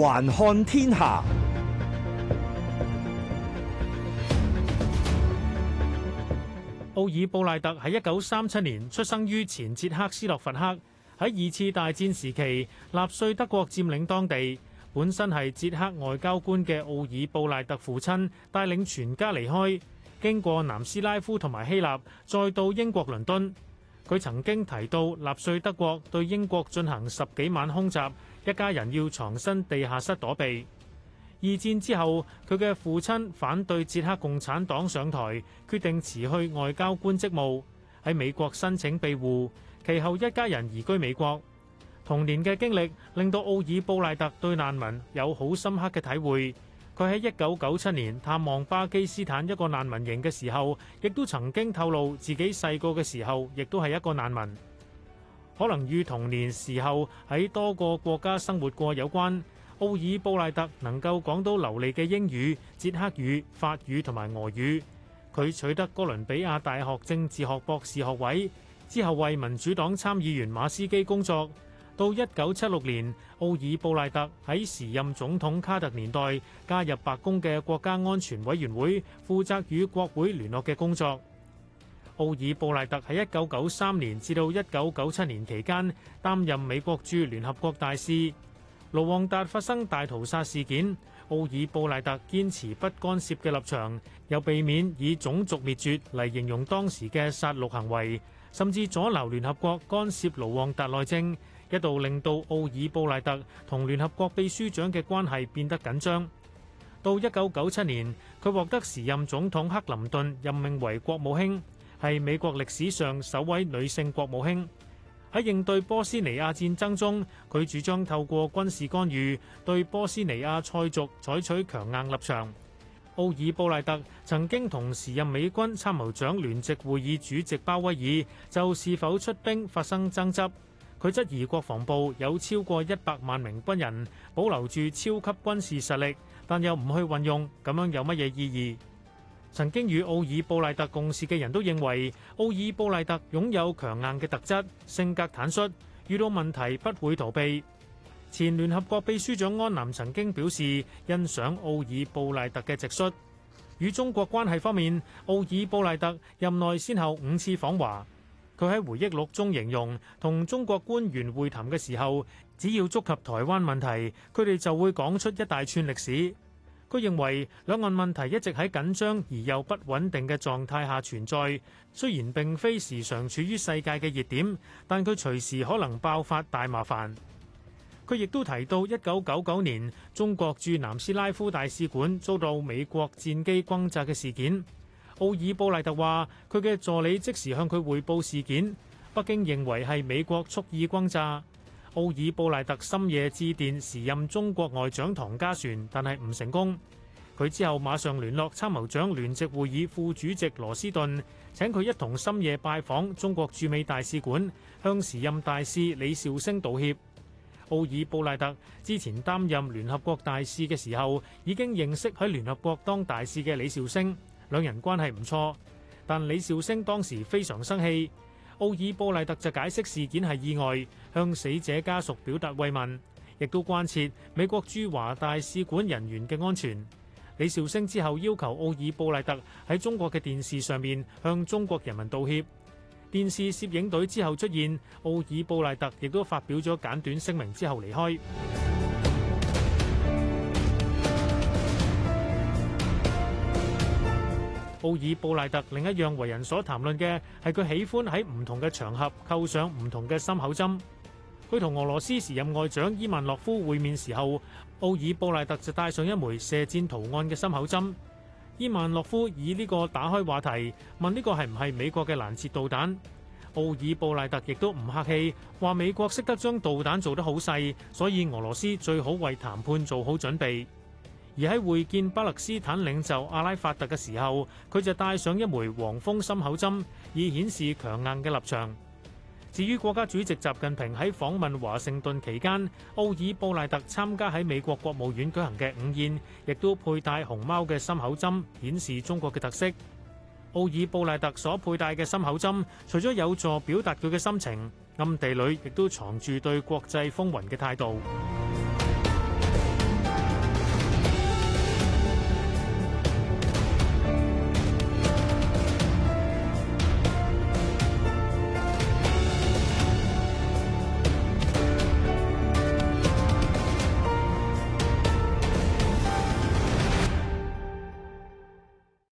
環看天下。奧爾布賴特喺一九三七年出生於前捷克斯洛伐克，喺二次大戰時期納粹德國佔領當地。本身係捷克外交官嘅奧爾布賴特父親帶領全家離開，經過南斯拉夫同埋希臘，再到英國倫敦。佢曾經提到納粹德國對英國進行十幾晚空襲，一家人要藏身地下室躲避。二戰之後，佢嘅父親反對捷克共產黨上台，決定辭去外交官職務，喺美國申請庇護，其後一家人移居美國。童年嘅經歷令到奧爾布賴特對難民有好深刻嘅體會。佢喺一九九七年探望巴基斯坦一個難民營嘅時候，亦都曾經透露自己細個嘅時候，亦都係一個難民。可能與童年時候喺多個國家生活過有關。奧爾布賴特能夠講到流利嘅英語、捷克語、法語同埋俄語。佢取得哥倫比亞大學政治學博士學位之後，為民主黨參議員馬斯基工作。到一九七六年，奧爾布賴特喺時任總統卡特年代加入白宮嘅國家安全委員會，負責與國會聯絡嘅工作。奧爾布賴特喺一九九三年至到一九九七年期間擔任美國駐聯合國大使。盧旺達發生大屠殺事件，奧爾布賴特堅持不干涉嘅立場，又避免以種族滅絕嚟形容當時嘅殺戮行為，甚至阻撓聯合國干涉盧旺達內政。一度令到奧爾布賴特同聯合國秘書長嘅關係變得緊張。到一九九七年，佢獲得時任總統克林頓任命為國務卿，係美國歷史上首位女性國務卿。喺應對波斯尼亞戰爭中，佢主張透過軍事干預對波斯尼亞塞族採取強硬立場。奧爾布賴特曾經同時任美軍參謀長聯席會議主席鮑威爾，就是否出兵發生爭執。佢質疑國防部有超過一百萬名軍人保留住超級軍事實力，但又唔去運用，咁樣有乜嘢意義？曾經與奧爾布賴特共事嘅人都認為，奧爾布賴特擁有強硬嘅特質，性格坦率，遇到問題不會逃避。前聯合國秘書長安南曾經表示欣賞奧爾布賴特嘅直率。與中國關係方面，奧爾布賴特任內先後五次訪華。佢喺回憶錄中形容，同中國官員會談嘅時候，只要觸及台灣問題，佢哋就會講出一大串歷史。佢認為兩岸問題一直喺緊張而又不穩定嘅狀態下存在，雖然並非時常處於世界嘅熱點，但佢隨時可能爆發大麻煩。佢亦都提到一九九九年中國駐南斯拉夫大使館遭到美國戰機轟炸嘅事件。奧爾布賴特話：佢嘅助理即時向佢匯報事件。北京認為係美國蓄意轟炸。奧爾布賴特深夜致電時任中國外長唐家璇，但係唔成功。佢之後馬上聯絡參謀長聯席會議副主席羅斯頓，請佢一同深夜拜訪中國駐美大使館，向時任大使李肇星道歉。奧爾布賴特之前擔任聯合國大使嘅時候，已經認識喺聯合國當大使嘅李肇星。兩人關係唔錯，但李肇星當時非常生氣。奧爾布賴特就解釋事件係意外，向死者家屬表達慰問，亦都關切美國駐華大使館人員嘅安全。李肇星之後要求奧爾布賴特喺中國嘅電視上面向中國人民道歉。電視攝影隊之後出現，奧爾布賴特亦都發表咗簡短聲明之後離開。奧爾布賴特另一樣為人所談論嘅係佢喜歡喺唔同嘅場合扣上唔同嘅心口針。佢同俄羅斯時任外長伊萬諾夫會面時候，奧爾布賴特就戴上一枚射箭圖案嘅心口針。伊萬諾夫以呢個打開話題，問呢個係唔係美國嘅攔截導彈。奧爾布賴特亦都唔客氣，話美國識得將導彈做得好細，所以俄羅斯最好為談判做好準備。而喺會見巴勒斯坦領袖阿拉法特嘅時候，佢就戴上一枚黃蜂心口針，以顯示強硬嘅立場。至於國家主席習近平喺訪問華盛頓期間，奧爾布賴特參加喺美國國務院舉行嘅午宴，亦都佩戴熊貓嘅心口針，顯示中國嘅特色。奧爾布賴特所佩戴嘅心口針，除咗有助表達佢嘅心情，暗地裏亦都藏住對國際風雲嘅態度。